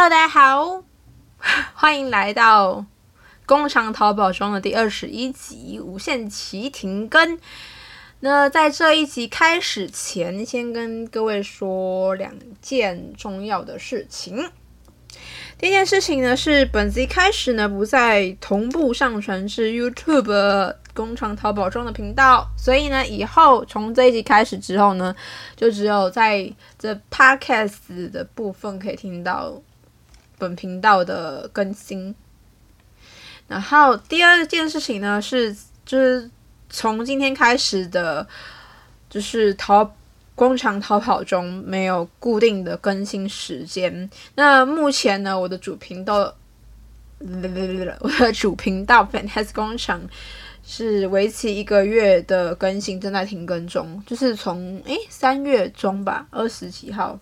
Hello，大家好，歡迎來到《工廠淘寶中》的第二十一集，無限期停更。那在這一集開始前，先跟各位說兩件重要的事情。第一件事情呢，是本集開始呢不再同步上傳至 YouTube《工廠淘寶中》的頻道，所以呢，以後從這一集開始之後呢，就只有在這 Podcast 的部分可以聽到。本頻道的更新。然後第二件事情呢是，就是從今天開始的，就是逃工廠逃跑中沒有固定的更新時間。那目前呢，我的主頻道，我的主頻道《Fantastic 工廠》是為期一個月的更新正在停更中，就是從誒三月中吧，二十幾號。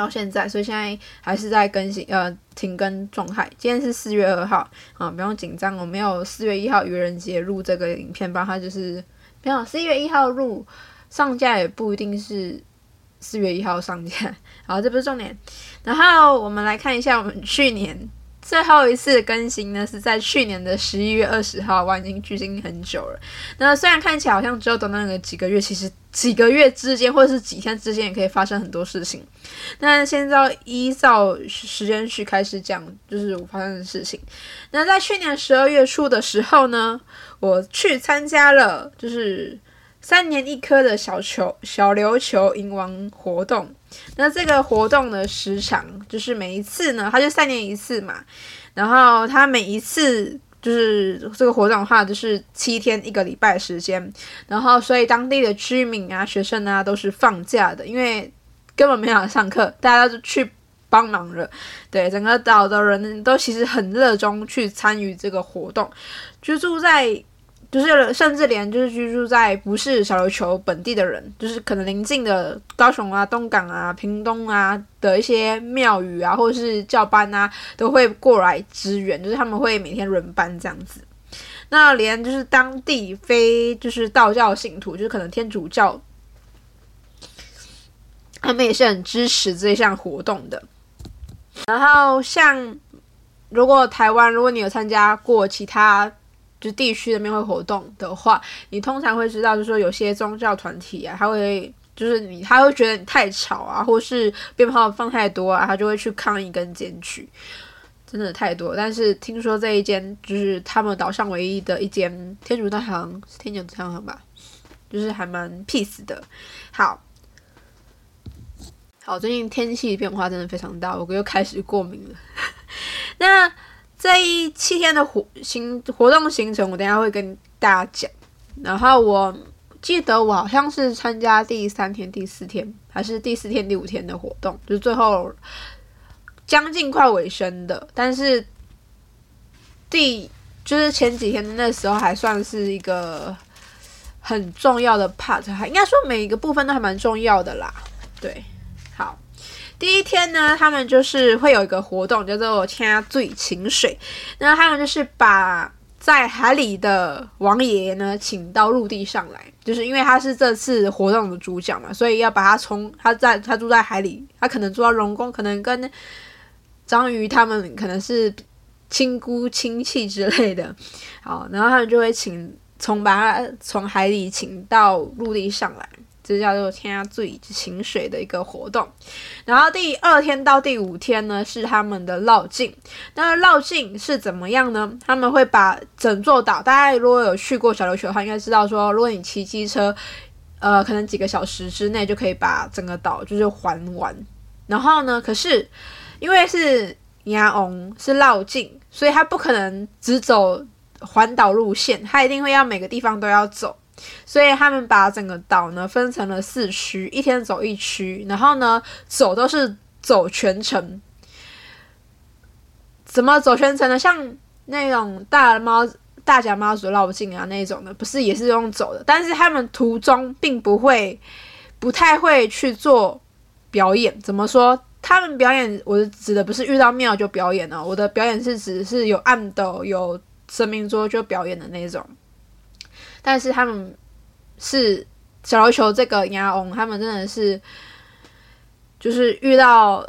到現在，所以現在還是在更新，呃，停更狀態。今天是四月二號，啊，不用緊張，我沒有四月一號愚人節錄這個影片，不然它就是沒有。四月一號錄上架也不一定是四月一號上架，好，這不是重點。然後我們來看一下，我們去年最後一次的更新呢是在去年的十一月二十號，我已經距今很久了。那雖然看起來好像只有短短的幾個月，其實……幾個月之間，或者是幾天之間，也可以發生很多事情。那現在依照時間去開始講，就是我發生的事情。那在去年十二月初的時候呢，我去參加了就是三年一科的小球小琉球迎王活動。那這個活動的時長就是每一次呢，它就三年一次嘛。然後它每一次。就是這個活動的話，就是七天一個禮拜時間，然後所以當地的居民啊、學生啊都是放假的，因為根本沒有上課，大家都去幫忙了。對，整個島的人都其實很熱衷去參與這個活動，居住在。就是，甚至連就是居住在不是小琉球本地的人，就是可能臨近的高雄啊、東港啊、屏東啊的一些廟宇啊，或者是教班啊，都會過來支援。就是他們會每天輪班這樣子。那連就是當地非就是道教信徒，就是可能天主教，他們也是很支持這項活動的。然後像如果台灣，如果你有參加過其他。就地區的廟會活動的話，你通常會知道，就是說有些宗教團體啊，他會就是你，他會覺得你太吵啊，或是鞭炮放太多啊，他就會去抗議跟檢舉，真的太多。但是聽說這一間就是他們島上唯一的一間天主教堂，是天主教堂吧，就是還蠻 peace 的。好，好，最近天氣變化真的非常大，我哥又開始過敏了。 那。這一七天的行活動行程，我等一下會跟大家講。然後我記得我好像是參加第三天、第四天，還是第四天、第五天的活動，就是最後將近快尾聲的。但是第就是前幾天那時候，還算是一個很重要的 part，還應該說每一個部分都還蠻重要的啦。對，好。第一天呢，他們就是會有一個活動叫做“天醉請水”，那他們就是把在海裡的王爺呢請到陸地上來，就是因為他是這次活動的主角嘛，所以要把他從他在他住在海裡，他可能住在龍宮，可能跟章魚他們可能是親姑親戚之類的，好，然後他們就會請從把他從海裡請到陸地上來。這叫做“天涯醉請水”水的一個活動，然後第二天到第五天呢，是他們的繞境。那繞境是怎麼樣呢？他們會把整座島，大家如果有去過小琉球的話，應該知道說，如果你騎機車，呃，可能幾個小時之內就可以把整個島就是環完。然後呢，可是因為是迎王是繞境，所以他不可能只走環島路線，他一定會要每個地方都要走。所以他們把整個島呢分成了四區，一天走一區，然後呢走都是走全程。怎麼走全程呢？像那種大媽、大甲媽祖繞境啊那種的，不是也是用走的。但是他們途中並不會，不太會去做表演。怎麼說？他們表演，我指的不是遇到廟就表演了、啊。我的表演是指的是有暗斗、有神明桌就表演的那種。但是他們是小琉球這個鴨翁，他們真的是就是遇到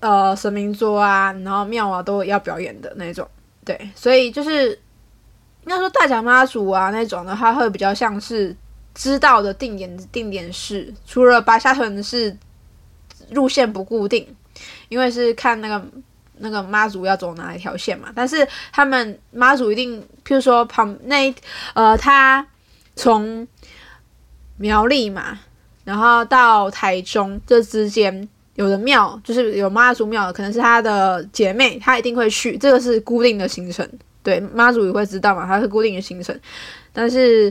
呃神明桌啊，然後廟啊都要表演的那種，對，所以就是應該說大甲媽祖啊那種的話，會比較像是知道的定點定點式，除了白沙屯是路線不固定，因為是看那個那個媽祖要走哪一條線嘛，但是他們媽祖一定，譬如說旁那呃他。從苗栗嘛，然後到台中這之間，有的廟就是有媽祖廟的，可能是他的姐妹，他一定會去，這個是固定的行程。對，媽祖也會知道嘛，他是固定的行程，但是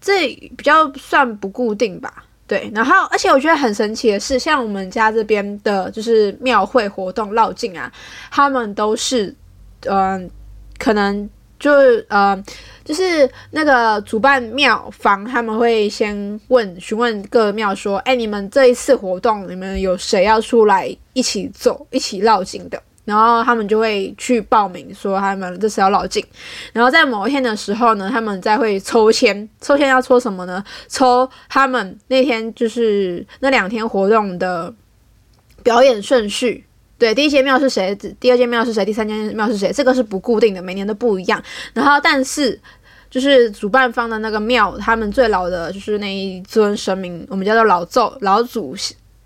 這比較算不固定吧？對，然後而且我覺得很神奇的是，像我們家這邊的就是廟會活動繞境啊，他們都是，嗯、呃，可能。就是呃，就是那個主辦廟房，他們會先問詢問各廟說：“哎，你們這一次活動，你們有誰要出來一起走，一起繞境的？”然後他們就會去報名說：“他們這次要繞境。”然後在某一天的時候呢，他們再會抽籤，抽籤要抽什麼呢？抽他們那天就是那兩天活動的表演順序。對，第一間廟是誰？第二間廟是誰？第三間廟是誰？這個是不固定的，每年都不一樣。然後，但是就是主辦方的那個廟，他們最老的就是那一尊神明，我們叫做老宙、老祖。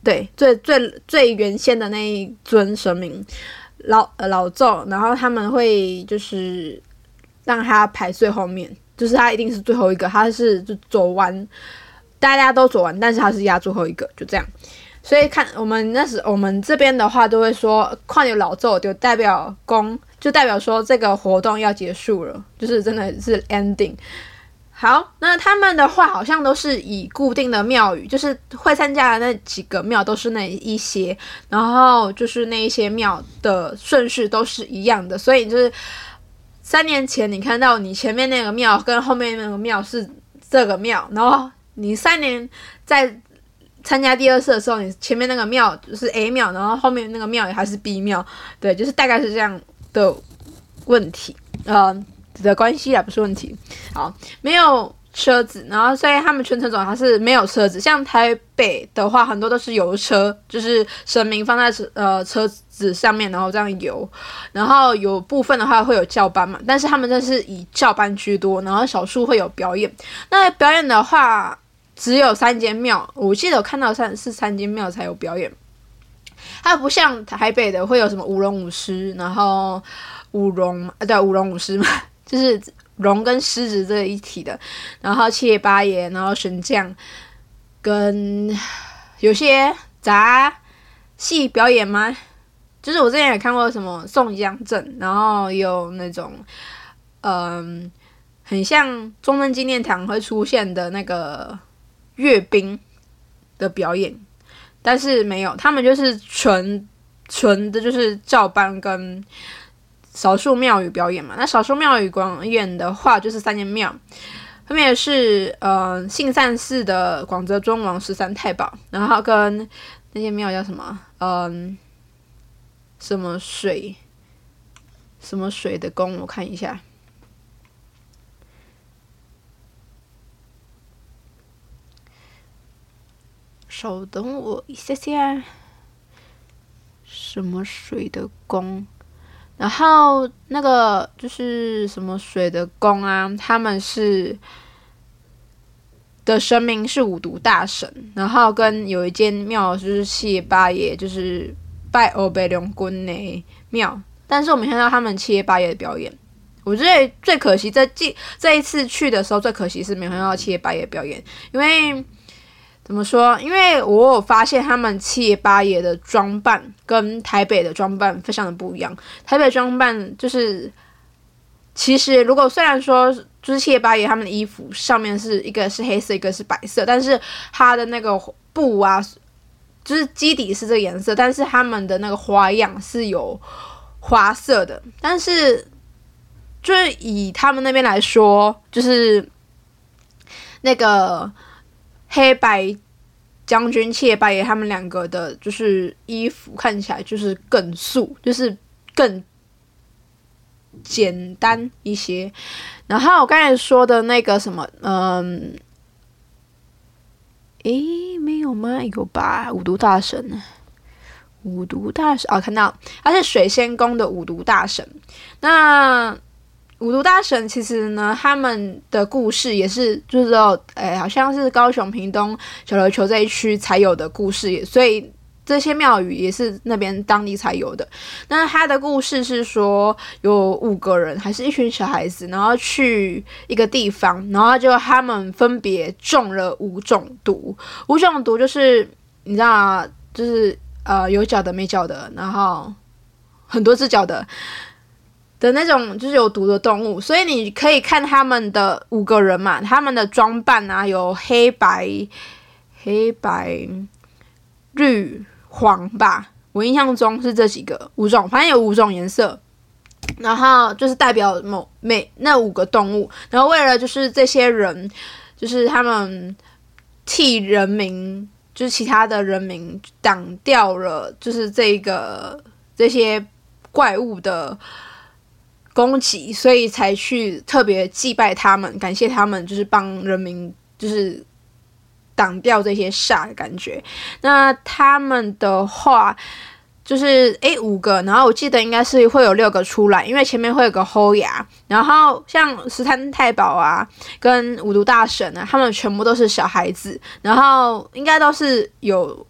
對，最最最原先的那一尊神明，老呃老宙。然後他們會就是讓他排最後面，就是他一定是最後一個，他是就走完，大家都走完，但是他是壓最後一個，就這樣。所以看我們那時我們這邊的話都會說，快牛老奏就代表公，就代表說這個活動要結束了，就是真的是 ending。好，那他們的話好像都是以固定的廟宇，就是會參加的那幾個廟都是那一些，然後就是那一些廟的順序都是一樣的，所以就是三年前你看到你前面那個廟跟後面那個廟是這個廟，然後你三年在。參加第二次的時候，你前面那個廟就是 A 廟，然後後面那個廟也還是 B 廟，對，就是大概是這樣的問題，嗯、呃，的關係啊，不是問題。好，沒有車子，然後所以他們全程走還是沒有車子。像台北的話，很多都是遊車，就是神明放在呃車子上面，然後這樣遊。然後有部分的話會有轎班嘛，但是他們這是以轎班居多，然後少數會有表演。那表演的話。只有三間廟，我記得我看到三是三間廟才有表演，它不像台北的會有什麼舞龍舞獅，然後舞龍啊，對，舞龍舞獅嘛，就是龍跟獅子這一體的，然後七爺八爺，然後神將，跟有些雜戲表演嘛，就是我之前也看過什麼宋江陣，然後有那種，嗯，很像中正紀念堂會出現的那個。閱兵的表演，但是沒有，他們就是純純的，就是照搬跟少數廟宇表演嘛。那少數廟宇表演的話，就是三間廟，後面是呃幸山寺的廣澤尊王十三太保，然後跟那些廟叫什麼？嗯，什麼水，什麼水的宮，我看一下。稍等我一下下，什麼水的宮？然後那個就是什麼水的宮啊？他們是的神明是五毒大神，然後跟有一間廟就是七爺八爺，就是拜歐北龍宮的廟，但是我沒看到他們七爺八爺的表演，我覺得，可惜在今這一次去的時候，最可惜是沒看到七爺八爺表演，因為。怎麼說？因為我有發現他們七爺八爺的裝扮跟台北的裝扮非常的不一樣。台北裝扮就是，其實如果雖然說就是七爺八爺他們的衣服上面是一個是黑色，一個是白色，但是他的那個布啊，就是基底是這個顏色，但是他們的那個花樣是有花色的。但是就是以他們那邊來說，就是那個。黑白將軍、切白爺他們兩個的，就是衣服看起來就是更素，就是更簡單一些。然後我剛才說的那個什麼，嗯，誒，沒有嗎？有吧？五毒大神，五毒大神哦，看到他是水仙宮的五毒大神。那。五毒大神其實呢，他們的故事也是，就是說，哎，好像是高雄屏東小琉球這一區才有的故事，所以這些廟宇也是那邊當地才有的。那他的故事是說，有五個人，還是一群小孩子，然後去一個地方，然後就他們分別中了五種毒，五種毒就是你知道啊，就是呃，有腳的沒腳的，然後很多隻腳的。的那種就是有毒的動物，所以你可以看他們的五個人嘛，他們的裝扮啊，有黑白、黑白、綠、黃吧，我印象中是這幾個五種，反正有五種顏色。然後就是代表某每那五個動物，然後為了就是這些人，就是他們替人民，就是其他的人民擋掉了，就是這個這些怪物的。供祭，所以才去特別祭拜他們，感謝他們就是幫人民就是擋掉這些煞的感覺。那他們的話就是哎、欸、五個，然後我記得應該是會有六個出來，因為前面會有個侯牙，然後像十三太保啊跟五毒大神啊，他們全部都是小孩子，然後應該都是有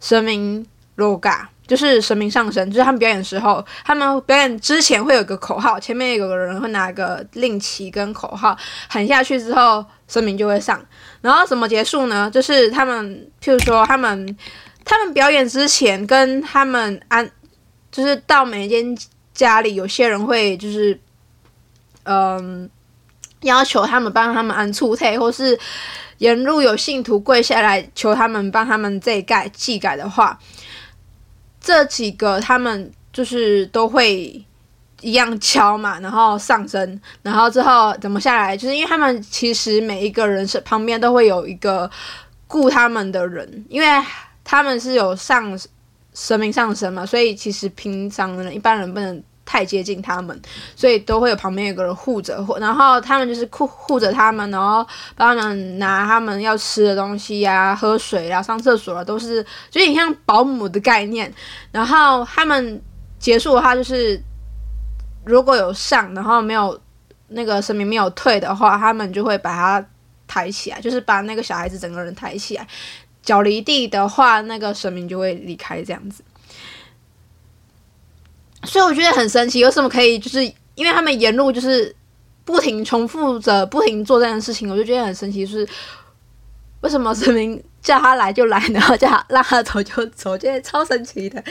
神明 logo 就是神明上身，就是他們表演的時候，他們表演之前會有個口號，前面有個人會拿個令旗跟口號喊下去之後，神明就會上。然後怎麼結束呢？就是他們，譬如說他們，他們表演之前跟他們安，就是到每一間家裡，有些人會就是，嗯，要求他們幫他們安醋菜，或是沿路有信徒跪下來求他們幫他們這蓋祭改的話。這幾個他們就是都會一樣敲嘛，然後上身，然後之後怎麼下來？就是因為他們其實每一個人是旁邊都會有一個顧他們的人，因為他們是有上神明上身嘛，所以其實平常人一般人不能，太接近他們，所以都會有旁邊有個人護着，然後他們就是護護着他們，然後幫他們拿他們要吃的東西呀、啊、喝水呀、啊、上廁所啊，都是，所以很像保姆的概念。然後他們結束的話，就是如果有上，然後沒有那個神明沒有退的話，他們就會把他抬起來，就是把那個小孩子整個人抬起來，腳離地的話，那個神明就會離開這樣子。所以我覺得很神奇，為什麼可以就是因為他們沿路就是不停重複着不停做這樣的事情，我就覺得很神奇，就是為什麼神明叫他來就來，然後叫他讓他走就走，我覺得超神奇的。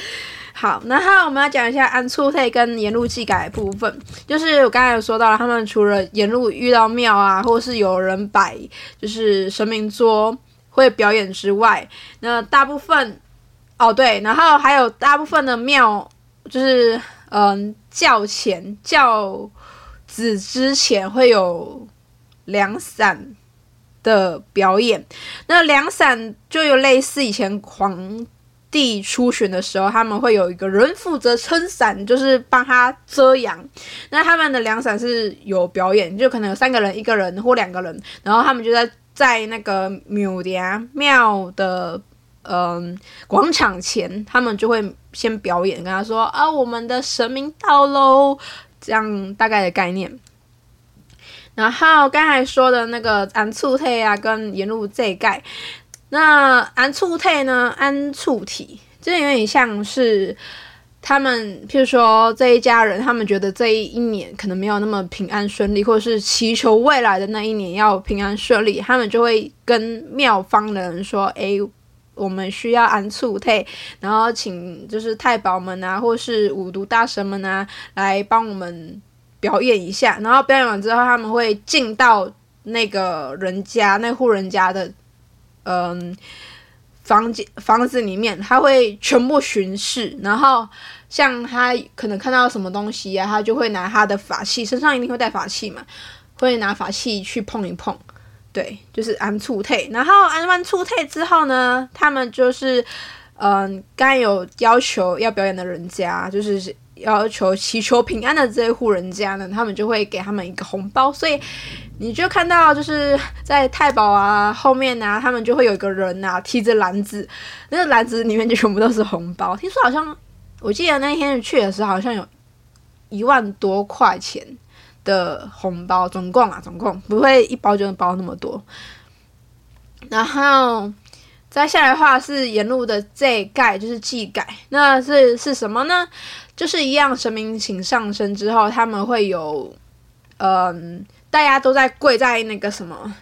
好，然後我們要講一下安處配跟沿路祭改的部分，就是我剛才有說到了，他們除了沿路遇到廟啊，或是有人擺就是神明桌會表演之外，那大部分哦對，然後還有大部分的廟。就是，嗯，轎前轎子之前會有涼傘的表演。那涼傘就有類似以前皇帝出巡的時候，他們會有一個人負責撐傘，就是幫他遮陽。那他們的涼傘是有表演，就可能有三個人，一個人或兩個人，然後他們就在在那個牛年廟的。嗯、呃，廣場前他們就會先表演，跟他說啊，我們的神明到嘍，這樣大概的概念。然後剛才說的那個安促退啊，跟沿路這一蓋，那安促退呢？安促體，這有點像是他們，譬如說這一家人，他們覺得這一年可能沒有那麼平安順利，或者是祈求未來的那一年要平安順利，他們就會跟廟方的人說，哎。我們需要安促退，然後請就是太保們啊，或是五毒大神們啊，來幫我們表演一下。然後表演完之後，他們會進到那個人家那戶人家的，嗯、呃，房間房子裡面，他會全部巡視。然後像他可能看到什麼東西啊，他就會拿他的法器，身上一定會帶法器嘛，會拿法器去碰一碰。對，就是安促退，然後安完促退之後呢，他們就是，嗯、呃，剛，剛有要求要表演的人家，就是要求祈求平安的這一戶人家呢，他們就會給他們一個紅包，所以你就看到就是在太保啊後面啊，他們就會有一個人吶、啊、提着籃子，那個籃子裡面就全部都是紅包，聽說好像我記得那天去的時候好像有一萬多塊錢的紅包總共啊，總共不會一包就能包那麼多。然後再下來的話是沿路的祭改，就是祭改，那是是什麼呢？就是一樣神明請上身之後，他們會有嗯、呃，大家都在跪在那個什麼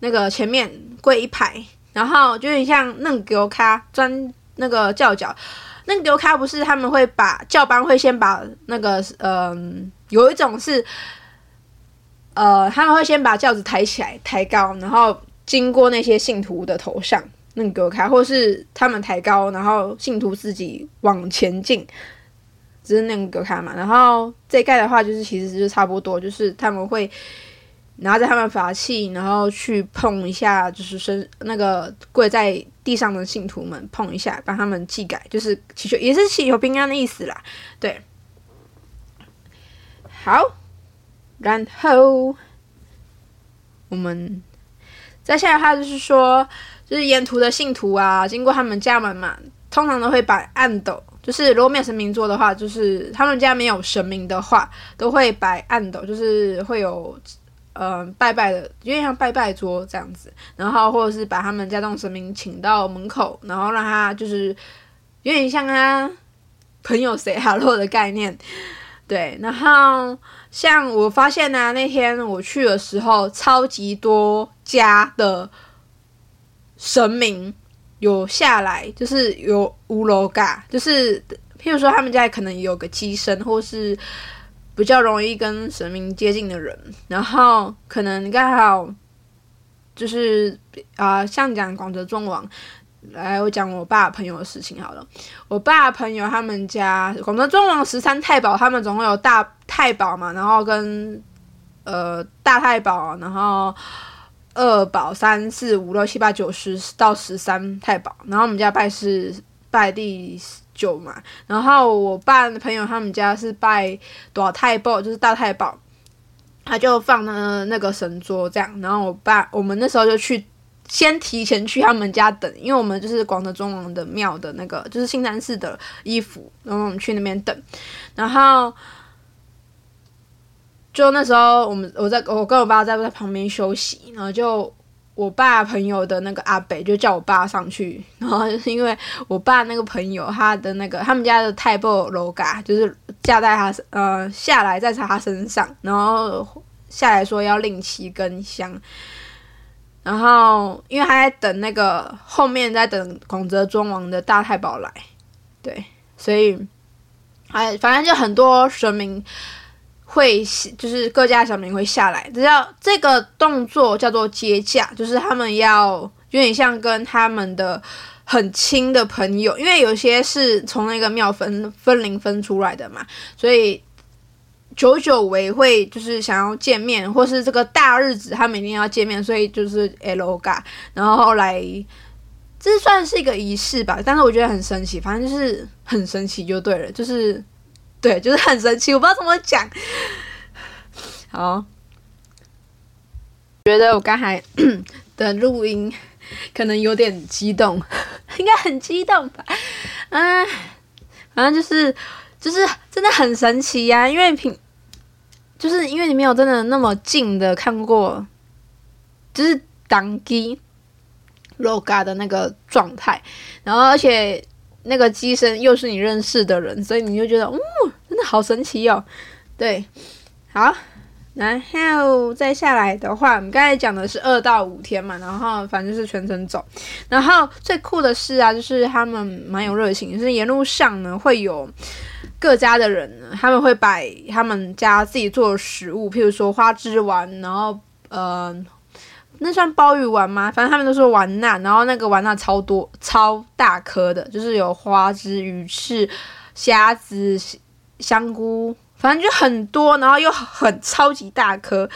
那個前面跪一排，然後就像那個劉卡專那個教教，那個劉卡。那個、不是他們會把轎班會先把那個嗯、呃，有一種是。呃，他們會先把轎子抬起來，抬高，然後經過那些信徒的頭上，那個、隔開，或是他們抬高，然後信徒自己往前進，只是那個隔開嘛。然後這蓋的話，就是其實就差不多，就是他們會拿着他們法器，然後去碰一下，就是身那個跪在地上的信徒們碰一下，幫他們祭改，就是祈求也是祈求平安的意思啦。對，好。然後我們再下來的話就是說，就是沿途的信徒啊，經過他們家門嘛，通常都會擺暗斗。就是如果沒有神明坐的話，就是他們家沒有神明的話，都會擺暗斗，就是會有嗯、呃、拜拜的，有點像拜拜桌這樣子。然後或者是把他們家中神明請到門口，然後讓他就是有點像他朋友誰哈 o 的概念。對，然後。像我發現呢、啊，那天我去的時候，超級多家的神明有下來，就是有烏羅嘎，就是譬如說他們家可能有個乩身，或是比較容易跟神明接近的人，然後可能剛好就是啊、呃，像講廣澤尊王，來我講我爸朋友的事情好了，我爸的朋友他們家廣澤尊王十三太保，他們總共有大。太保嘛，然後跟呃大太保，然後二保、三四五六七八九十到十三太保，然後我們家拜是拜第九嘛，然後我爸的朋友他們家是拜多少太保，就是大太保，他就放了那個神桌這樣，然後我爸我們那時候就去先提前去他們家等，因為我們就是廣澤尊王的廟的那個就是幸山寺的衣服，然後我們去那邊等，然後。就那時候，我們我在我跟我爸在在旁邊休息，然後就我爸朋友的那個阿伯就叫我爸上去，然後就是因為我爸那個朋友他的那個他們家的太保樓嘎就是架在他呃下來在他身上，然後下來說要另起根香，然後因為他在等那個後面在等廣澤尊王的大太保來，對，所以還、哎、反正就很多神明。會就是各家小明會下來，只要這個動作叫做接駕，就是他們要有點像跟他們的很親的朋友，因為有些是從那個廟分分靈分出來的嘛，所以久久違會就是想要見面，或是這個大日子他們一定要見面，所以就是 L O G A，然後後來這是算是一個儀式吧，但是我覺得很神奇，反正就是很神奇就對了，就是。對，就是很神奇，我不知道怎麼講。好，覺得我剛才的錄音可能有點激動，應該很激動吧？嗯，反正就是就是真的很神奇呀、啊，因為平，就是因為你沒有真的那麼近的看過，就是當機 logo 的那個狀態，然後而且那個機身又是你認識的人，所以你就覺得，嗯。好神奇哦，對，好，然後再下來的話，我們剛才講的是二到五天嘛，然後反正就是全程走，然後最酷的是啊，就是他們蠻有熱情，就是沿路上呢會有各家的人，他們會擺他們家自己做的食物，譬如說花枝丸，然後嗯、呃，那算鮑魚丸嗎？反正他們都說丸吶，然後那個丸吶超多超大顆的，就是有花枝、魚翅、蝦子。香菇，反正就很多，然後又很超級大顆，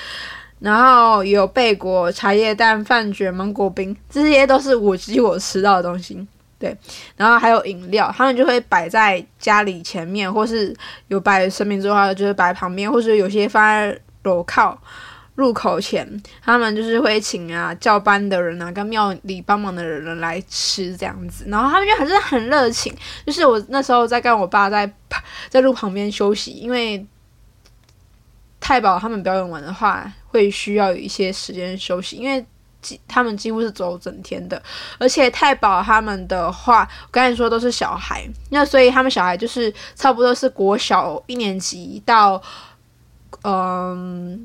然後有貝果、茶葉蛋、飯卷、芒果冰，這些都是我記我吃到的東西。對，然後還有飲料，他們就會擺在家裡前面，或是有擺生命之花，就是擺旁邊，或是有些放在樓靠入口前，他們就是會請啊轎班的人啊，跟廟裡幫忙的人來吃這樣子，然後他們就還是很熱情。就是我那時候在跟我爸在在路旁邊休息，因為太保他們表演完的話，會需要有一些時間休息，因為幾他們幾乎是走整天的，而且太保他們的話，我剛才說都是小孩，那所以他們小孩就是差不多是國小一年級到嗯。呃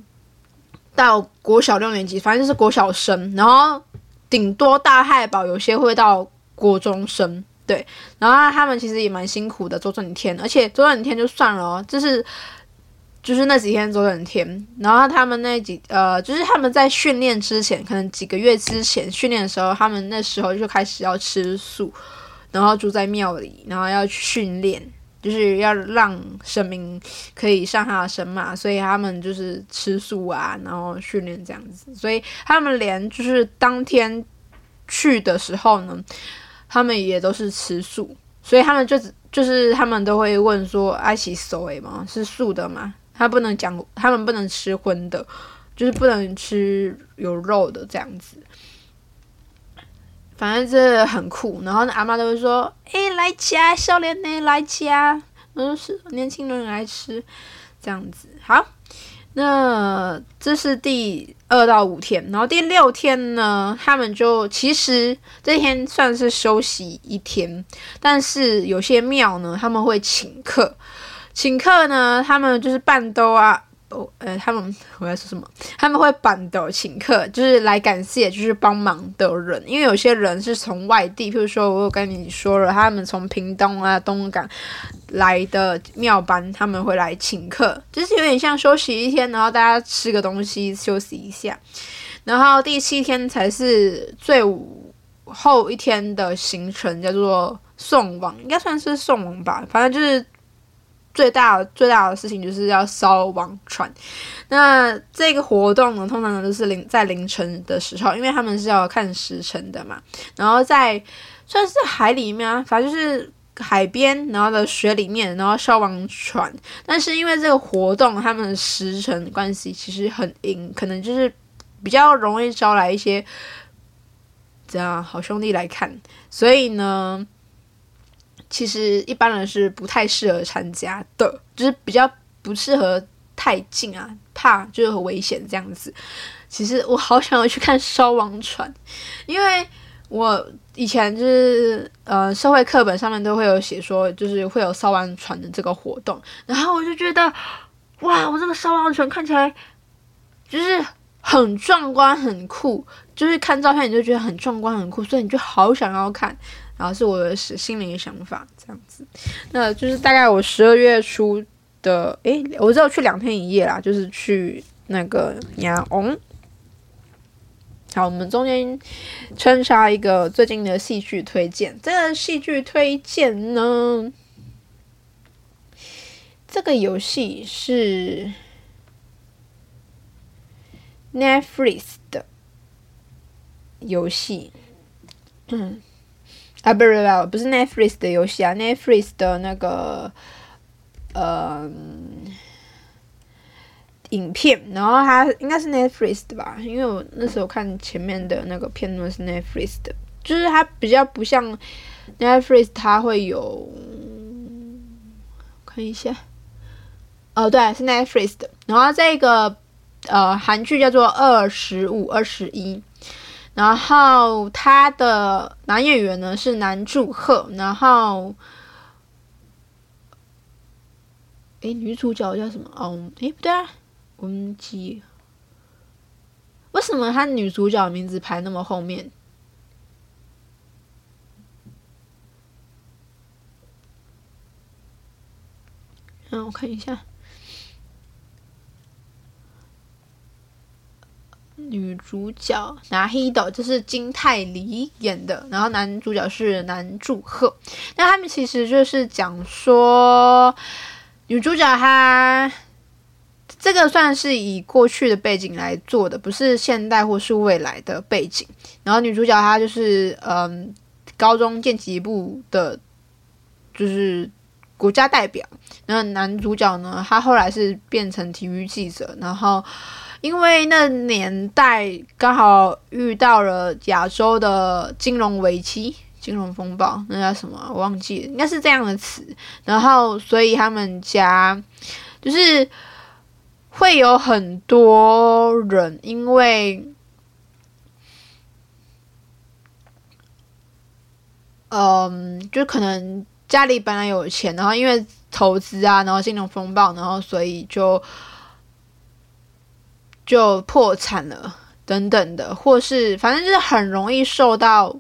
到國小六年級，反正就是國小生，然後頂多大漢堡，有些會到國中生，對。然後他們其實也蠻辛苦的，周整天，而且周整天就算了，喔，就是就是那幾天周整天。然後他們那幾呃，就是他們在訓練之前，可能幾個月之前訓練的時候，他們那時候就開始要吃素，然後住在廟裡，然後要去訓練。就是要讓神明可以上他的神嘛，所以他們就是吃素啊，然後訓練這樣子。所以他們連就是當天去的時候呢，他們也都是吃素，所以他們就只就是他們都會問說：“哎，乞手誒嗎？是素的嗎？他不能講，他們不能吃葷的，就是不能吃有肉的這樣子。”反正這很酷，然後那阿嬤都會說：“誒、欸，來吃啊，少年呢，來吃啊。就”就是年輕人來吃，這樣子好。那這是第二到五天，然後第六天呢，他們就其實這天算是休息一天，但是有些廟呢，他們會請客，請客呢，他們就是辦桌啊。哦，呃，他們我在說什麼？他們會辦的請客，就是來感謝，就是幫忙的人。因為有些人是從外地，譬如說我跟你說了，他們從屏東啊、東港來的廟班，他們會來請客，就是有點像休息一天，然後大家吃個東西休息一下。然後第七天才是最後一天的行程，叫做送王，應該算是送王吧，反正就是。最大最大的事情就是要燒王船，那這個活動呢，通常呢都是凌在凌晨的時候，因為他們是要看時辰的嘛，然後在算是海裡面啊，反正就是海邊，然後的水裡面，然後燒王船。但是因為這個活動，他們的時辰關係其實很硬，可能就是比較容易招來一些這樣好兄弟來看，所以呢。其實一般人是不太適合參加的，就是比較不適合太近啊，怕就是很危險這樣子。其實我好想要去看燒王船，因為我以前就是呃社會課本上面都會有寫說，就是會有燒王船的這個活動，然後我就覺得哇，我這個燒王船看起來就是很壯觀、很酷，就是看照片你就覺得很壯觀、很酷，所以你就好想要看。然後是我的心裡的想法，這樣子，那就是大概我十二月初的，誒、欸，我知道去兩天一夜啦，就是去那個迎王。好，我們中間穿插一個最近的戲劇推薦。這個戲劇推薦呢，這個遊戲是 Netflix 的遊戲。嗯。啊，不是不是不不是 Netflix 的遊戲啊，Netflix 的那個呃影片，然後它應該是 Netflix 的吧？因為我那時候看前面的那個片段是 Netflix 的，就是它比較不像 Netflix，它會有看一下，呃、哦，對，是 Netflix 的。然後這個呃韓劇叫做《二十五二十一》。然後他的男演員呢是南柱赫，然後，哎，女主角叫什麼？哦，哎，不對啊，溫、嗯、姬。為什麼他女主角名字排那麼後面？讓、啊、我看一下。女主角羅希度就是金泰梨演的，然後男主角是南柱赫，那他們其實就是講說，女主角她這個算是以過去的背景來做的，不是現代或是未來的背景。然後女主角她就是嗯高中擊劍部的，就是國家代表。然後男主角呢，他後來是變成體育記者，然後。因為那年代剛好遇到了亞洲的金融危機、金融風暴，那叫什麼？我忘記了，應該是這樣的詞。然後，所以他們家就是會有很多人，因為嗯，就可能家裡本來有錢，然後因為投資啊，然後金融風暴，然後所以就。就破產了，等等的，或是反正就是很容易受到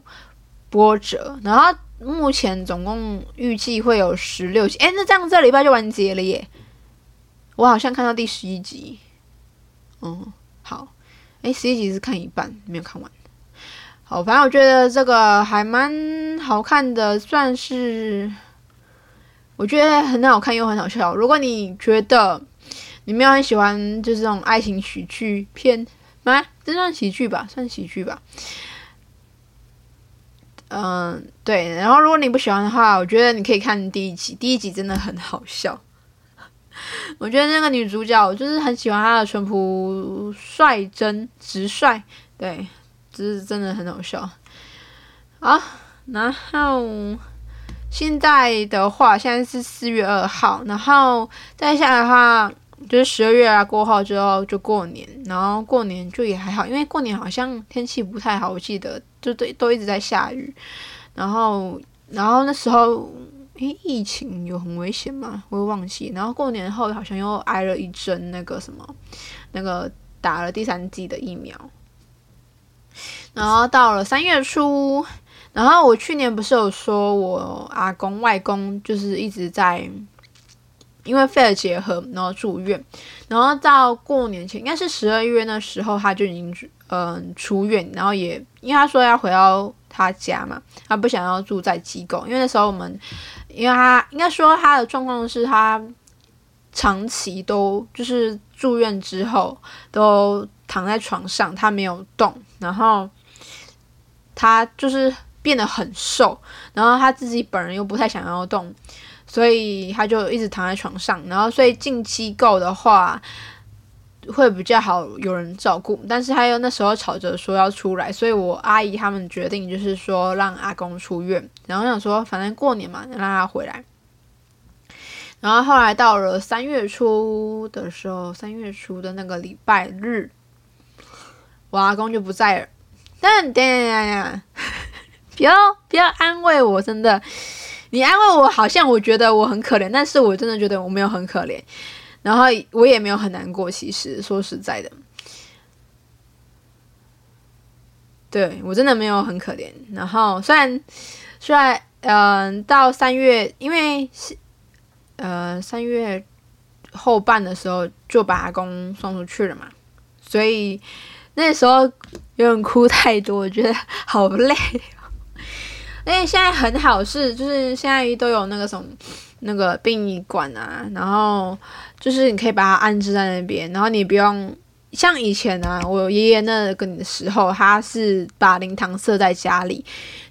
波折。然後目前總共預計會有十六集，哎，那這樣這禮拜就完結了耶！我好像看到第十一集，嗯，好，哎，十一集是看一半，沒有看完。好，反正我覺得這個還蠻好看的，算是我覺得很好看又很好笑。如果你覺得，你沒有很喜歡就是這種愛情喜劇片嗎？這算喜劇吧，算喜劇吧。嗯，對。然後如果你不喜歡的話，我覺得你可以看第一集，第一集真的很好笑。 我覺得那個女主角，我就是很喜歡她的淳樸、率真、直率。對，就是真的很好笑。啊，然後現在的話，現在是四月二號，然後再下的話。就是十二月啊，過後之後就過年，然後過年就也還好，因為過年好像天氣不太好，我記得就都都一直在下雨，然後然後那時候，咦、欸，疫情有很危險嗎？我又忘記，然後過年後好像又挨了一針那個什麼，那個打了第三劑的疫苗，然後到了三月初，然後我去年不是有說，我阿公外公就是一直在。因為肺結核，然後住院，然後到過年前，應該是十二月那時候，他就已經嗯、呃、出院，然後也因為他說要回到他家嘛，他不想要住在機構，因為那時候我們，因為他應該說他的狀況是他長期都就是住院之後都躺在床上，他沒有動，然後他就是變得很瘦，然後他自己本人又不太想要動。所以他就一直躺在床上，然後所以近期夠的話會比較好，有人照顧。但是他又那時候吵着說要出來，所以我阿姨他們決定就是說讓阿公出院，然後想說反正過年嘛，讓他回來。然後後來到了三月初的時候，三月初的那個禮拜日，我阿公就不在了。但但呀呀，不要不要安慰我，真的。你安慰我，好像我覺得我很可憐，但是我真的覺得我沒有很可憐，然後我也沒有很難過。其實說實在的，對，我真的沒有很可憐。然後雖然雖然，嗯、呃，到三月，因為呃三月後半的時候就把阿公送出去了嘛，所以那時候有點哭太多，我覺得好累。哎，現在很好，是就是現在都有那個什麼，那個殯儀館啊，然後就是你可以把它安置在那邊，然後你不用像以前啊，我爺爺那個的時候，他是把靈堂設在家裡，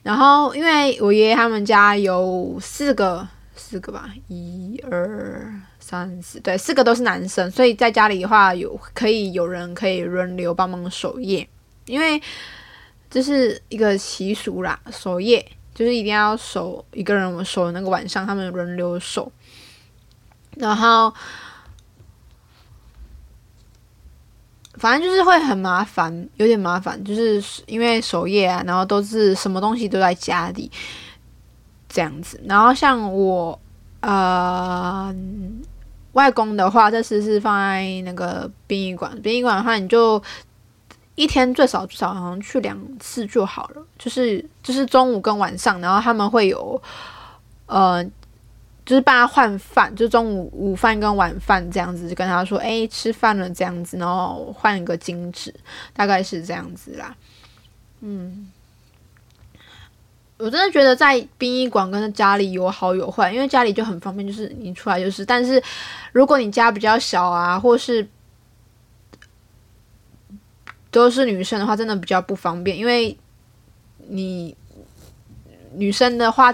然後因為我爺爺他們家有四個四個吧，一二三四，對，四個都是男生，所以在家裡的話有可以有人可以輪流幫忙守夜，因為這是一個習俗啦，守夜。就是一定要守一個人，我守那個晚上，他們輪流守。然後，反正就是會很麻煩，有點麻煩，就是因為守夜啊，然後都是什麼東西都在家裡這樣子。然後像我，呃，外公的話，這次是放在那個殯儀館，殯儀館的話你就。一天最少最少好像去兩次就好了，就是就是中午跟晚上，然後他們會有，呃，就是幫他換飯，就中午午飯跟晚飯這樣子，就跟他說：“哎，吃飯了。”這樣子，然後換一個金紙，大概是這樣子啦。嗯，我真的覺得在殯儀館跟家裡有好有壞，因為家裡就很方便，就是你出來就是，但是如果你家比較小啊，或是。都是女生的話，真的比較不方便，因為，你女生的話，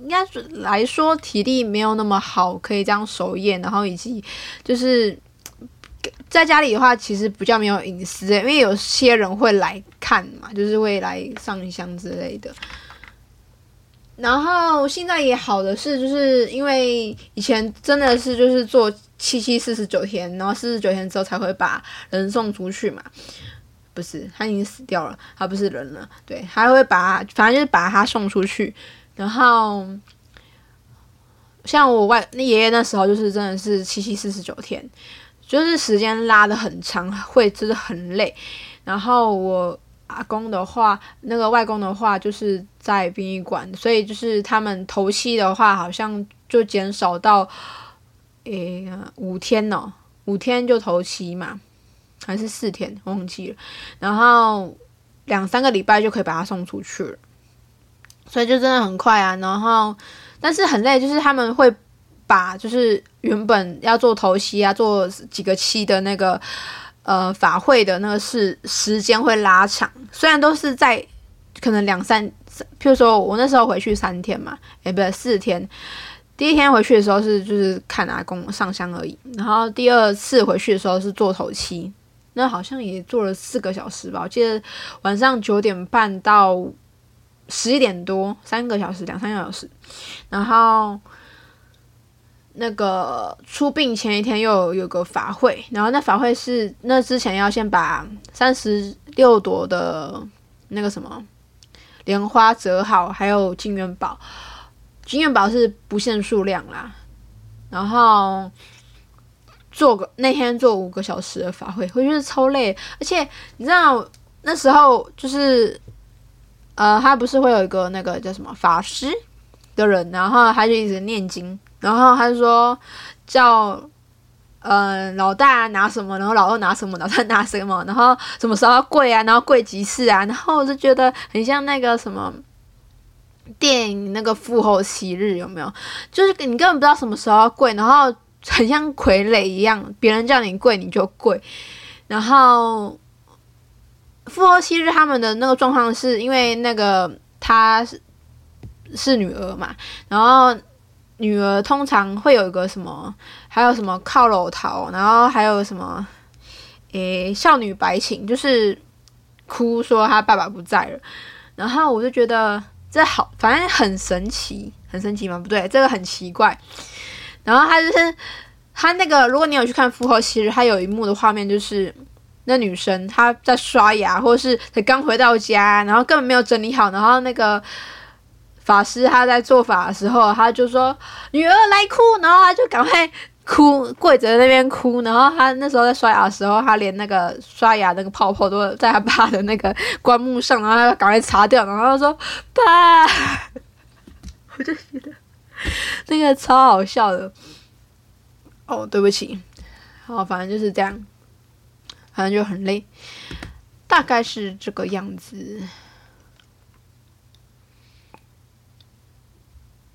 應該來說體力沒有那麼好，可以這樣守夜，然後以及就是在家裡的話，其實比較沒有隱私欸，因為有些人會來看嘛，就是會來上香之類的。然後現在也好的是，就是因為以前真的是就是做七七四十九天，然後四十九天之後才會把人送出去嘛。不是，他已經死掉了，他不是人了。對，他會把他，反正就是把他送出去。然後，像我外那爺爺那時候，就是真的是七七四十九天，就是時間拉得很長，會真的很累。然後我阿公的話，那個外公的話，就是在殯儀館，所以就是他們頭七的話，好像就減少到，哎、呃、五天哦，五天就頭七嘛。還是四天，我忘記了。然後兩三個禮拜就可以把它送出去了，所以就真的很快啊。然後，但是很累，就是他們會把就是原本要做頭七啊，做幾個七的那個呃法會的那個事，時間會拉長。雖然都是在可能兩三，譬如說我那時候回去三天嘛，哎，不是四天。第一天回去的時候是就是看阿公上香而已，然後第二次回去的時候是做頭七。那好像也做了四個小時吧，我記得晚上九點半到十一點多，三個小時，兩三個小時。然後那個出殯前一天又有，有個法會，然後那法會是那之前要先把三十六朵的那個什麼蓮花折好，還有金元寶，金元寶是不限數量啦。然後。做個那天做五個小時的法會，我覺得超累，而且你知道那時候就是，呃，他不是會有一個那個叫什麼法師的人，然後他就一直念經，然後他就說叫，嗯、呃，老大拿什麼，然後老二拿什麼，老三拿什麼，然後什麼時候要跪啊，然後跪幾次啊，然後我就覺得很像那個什麼電影那個《父後七日》有沒有？就是你根本不知道什麼時候要跪，然後。很像傀儡一樣，別人叫你跪你就跪。然後復活七日他們的那個狀況，是因為那個她是是女兒嘛，然後女兒通常會有一個什麼，還有什麼靠樓桃，然後還有什麼誒、欸，少女白情就是哭說她爸爸不在了。然後我就覺得這好，反正很神奇，很神奇嘛。不對，這個很奇怪。然後他是他那個，如果你有去看《復活》，其實他有一幕的畫面就是那女生她在刷牙，或者是才剛回到家，然後根本沒有整理好。然後那個法師他在做法的時候，他就說女兒來哭，然後他就趕快哭跪在那邊哭。然後他那時候在刷牙的時候，他連那個刷牙那個泡泡都在他爸的那個棺木上，然後他趕快擦掉，然後他說爸，我就覺得。 那個超好笑的，哦、oh，對不起，好、oh，反正就是這樣，反正就很累，大概是這個樣子。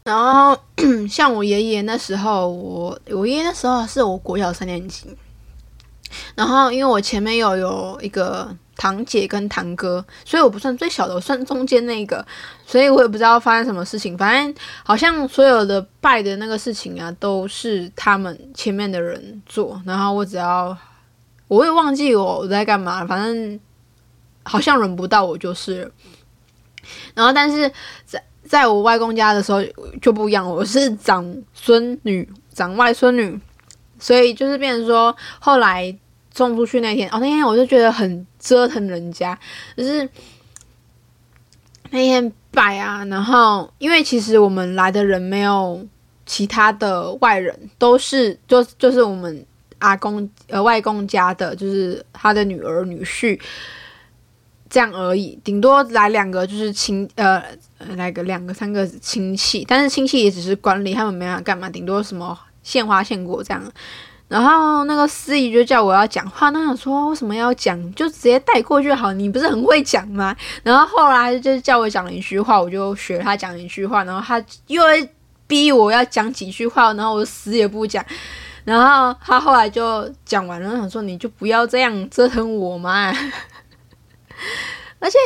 然後， 像我爺爺那時候我，我我爺爺那時候是我國小三年級。然後，因為我前面有有一個堂姐跟堂哥，所以我不算最小的，我算中間那個，所以我也不知道發生什麼事情。反正好像所有的拜的那個事情啊，都是他們前面的人做，然後我只要我會忘記我我在幹嘛，反正好像輪不到我就是。然後但是在在我外公家的時候就不一樣，我是長孫女，長外孫女。所以就是變成說，後來送出去那天，哦，那天我就覺得很折騰人家，就是那天拜啊，然後因為其實我們來的人沒有其他的外人，都是就就是我們阿公呃外公家的，就是他的女兒女婿這樣而已，頂多來兩個就是親呃來個兩個三個親戚，但是親戚也只是管理，他們沒法幹嘛，頂多什麼。獻花獻果這樣，然後那個司儀就叫我要講話，那想說為什麼要講，就直接帶過去好，你不是很會講嗎？然後後來就叫我講了一句話，我就學他講一句話，然後他又逼我要講幾句話，然後我死也不講，然後他後來就講完了，想說你就不要這樣折騰我嘛， 而且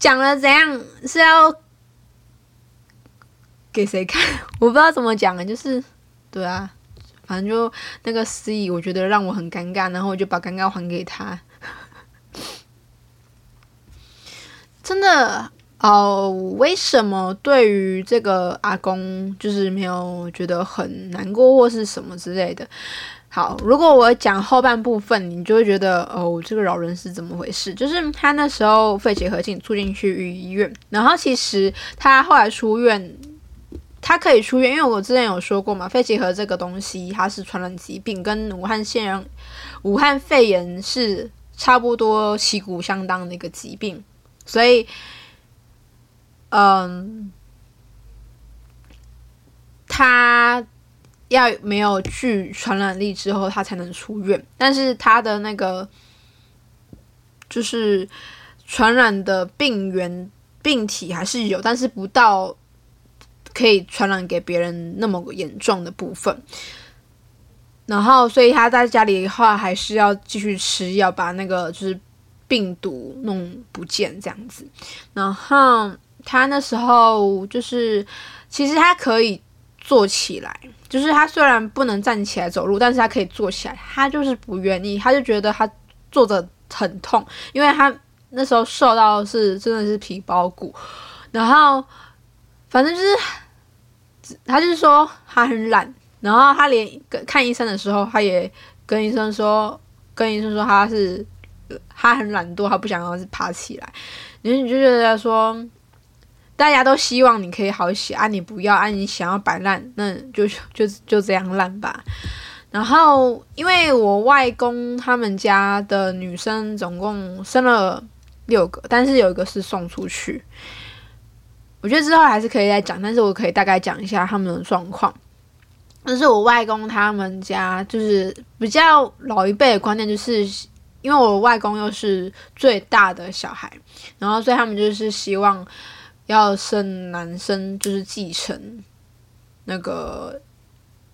講了怎樣是要給誰看，我不知道怎麼講啊，就是。對啊，反正就那個 C，我覺得讓我很尷尬，然後我就把尷尬還給他。 真的哦，為什麼對於這個阿公，就是沒有覺得很難過或是什麼之類的？好，如果我講後半部分，你就會覺得哦，這個老人是怎麼回事？就是他那時候肺結核性住進去醫院，然後其實他後來出院。他可以出院，因為我之前有說過嘛，肺結核這個東西它是傳染疾病，跟武漢現武漢肺炎是差不多旗鼓相當的一個疾病，所以，嗯，他要沒有具傳染力之後，他才能出院。但是他的那個就是傳染的病原病體還是有，但是不到。可以傳染給別人那麼嚴重的部分，然後所以他在家裡的話還是要繼續吃藥，把那個就是病毒弄不見這樣子。然後他那時候就是，其實他可以坐起來，就是他雖然不能站起來走路，但是他可以坐起來。他就是不願意，他就覺得他坐着很痛，因為他那時候瘦到的是真的是皮包骨，然後反正就是。他就是說他很懶，然後他連跟看醫生的時候，他也跟醫生說，跟醫生說他是，他很懶惰，他不想要是爬起來。然後你就覺得他說，大家都希望你可以好些啊，你不要啊，你想要擺爛，那就就就，就這樣爛吧。然後因為我外公他們家的女生總共生了六個，但是有一個是送出去。我覺得之後還是可以再講，但是我可以大概講一下他們的狀況。但是我外公他們家，就是比較老一輩的觀念，就是因為我外公又是最大的小孩，然後所以他們就是希望要生男生，就是繼承那個，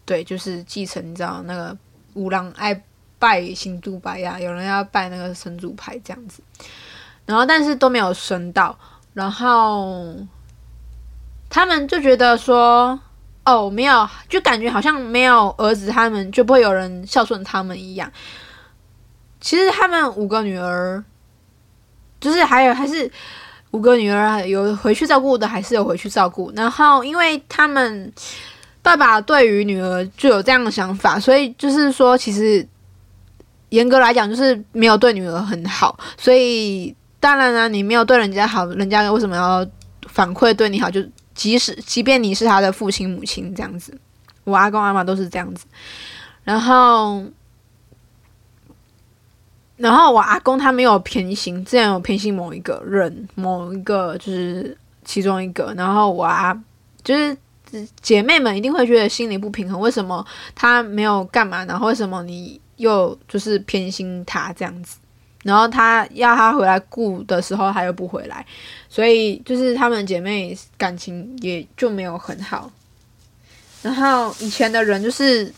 對，就是繼承，你知道那個有人愛拜神主牌呀，有人要拜那個神主牌這樣子，然後但是都沒有生到，然後。他們就覺得說，哦，沒有，就感覺好像沒有兒子，他們就不會有人孝順他們一樣。其實他們五個女兒，就是還有還是五個女兒，有回去照顧的，還是有回去照顧。然後，因為他們爸爸對於女兒就有這樣的想法，所以就是說，其實嚴格來講，就是沒有對女兒很好。所以，當然了啊，你沒有對人家好，人家為什麼要反饋對你好？就。即使即便你是他的父親母親這樣子，我阿公阿嬤都是這樣子。然後，然後我阿公他沒有偏心，自然有偏心某一個人，某一個就是其中一個。然後我阿就是姐妹們一定會覺得心裡不平衡，為什麼他沒有幹嘛？然後為什麼你又就是偏心他這樣子？然後他要他回來顧的時候，他又不回來，所以就是她們姐妹感情也就沒有很好。然後以前的人就是，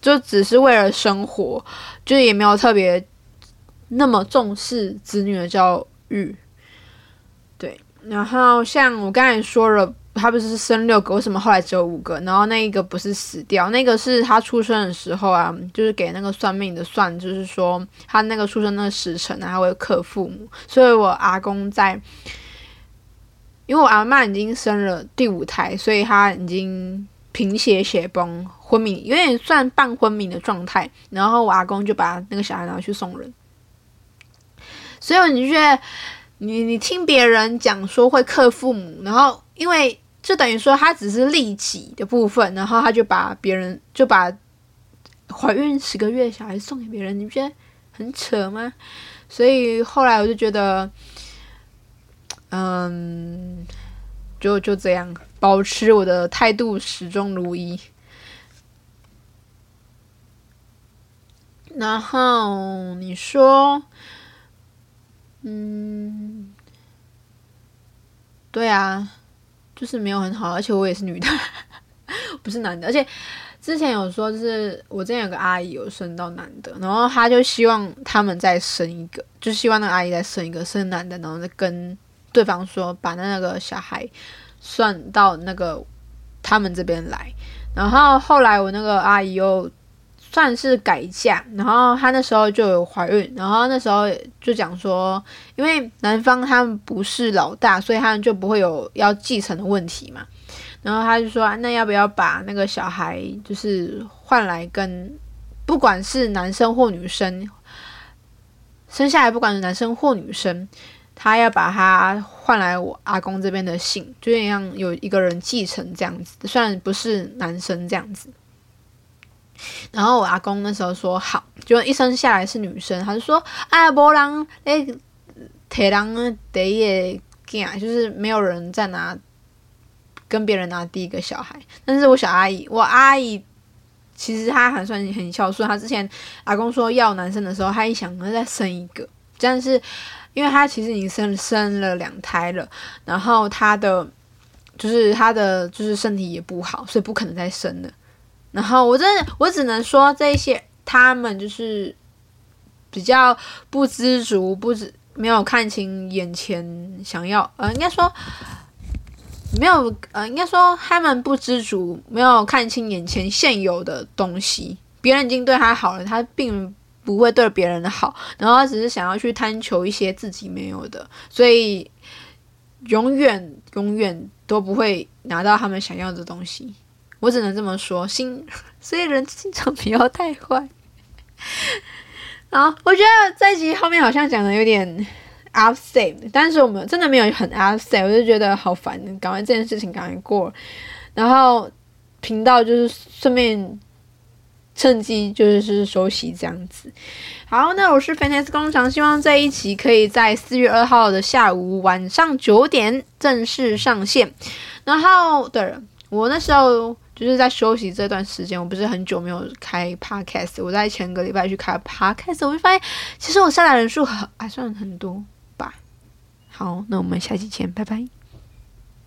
就只是為了生活，就也沒有特別那麼重視子女的教育。對，然後像我剛才說了。他不是生六個，為什麼後來只有五個？然後那一個不是死掉？那個是他出生的時候啊，就是給那個算命的算，就是說他那個出生那個時辰啊，然後會克父母。所以我阿公在，因為我阿嬤已經生了第五胎，所以他已經貧血血崩昏迷，有點算半昏迷的狀態。然後我阿公就把那個小孩拿去送人。所以你就覺得你，你你聽別人講說會克父母，然後因為。就等於說，他只是利己的部分，然後他就把別人就把懷孕十個月小孩送給別人，你不覺得很扯嗎？所以後來我就覺得，嗯，就就這樣，保持我的態度始終如一。然後你說，嗯，對啊。就是沒有很好，而且我也是女的，不是男的。而且之前有說，就是我之前有個阿姨有生到男的，然後她就希望他們再生一個，就希望那個阿姨再生一個生男的，然後再跟對方說把那個小孩算到那個他們這邊來。然後後來我那個阿姨又。算是改嫁，然後他那時候就有懷孕，然後那時候就講說，因為男方他們不是老大，所以他們就不會有要繼承的問題嘛。然後他就說，那要不要把那個小孩，就是換來跟，不管是男生或女生，生下來不管是男生或女生，他要把他換來我阿公這邊的姓，就讓有一個人繼承這樣子，雖然不是男生這樣子。然後我阿公那時候說好，就一生下來是女生，他就說哎呀，無人來提人的囝，就是沒有人再拿跟別人拿第一個小孩。但是我小阿姨，我阿姨其實她還算很孝順，她之前阿公說要男生的時候，她一想要再生一個，但是因為她其實已經生生了兩胎了，然後她的就是她的就是身體也不好，所以不可能再生了。然後我真的，我只能說這一些，他們就是比較不知足，不知，沒有看清眼前想要，呃，應該說沒有，呃，應該說他們不知足，沒有看清眼前現有的東西。別人已經對他好了，他並不會對別人的好，然後他只是想要去貪求一些自己沒有的，所以永遠永遠都不會拿到他們想要的東西。我只能這麼說，心所以人經常不要太壞 好，我覺得這一集後面好像講的有點 upset，但是我們真的沒有很 upset，我就覺得好煩，趕快這件事情趕快過，然後頻道就是順便趁機就是休息這樣子。好，那我是 fantastic 工廠，希望這一集可以在四月二號的下午晚上九點正式上線。然後對了，我那時候。就是在休息這段時間，我不是很久沒有開 Podcast。我在前個禮拜去開 Podcast，我就發現，其實我下載人數還算很多吧。好，那我們下期見，拜拜。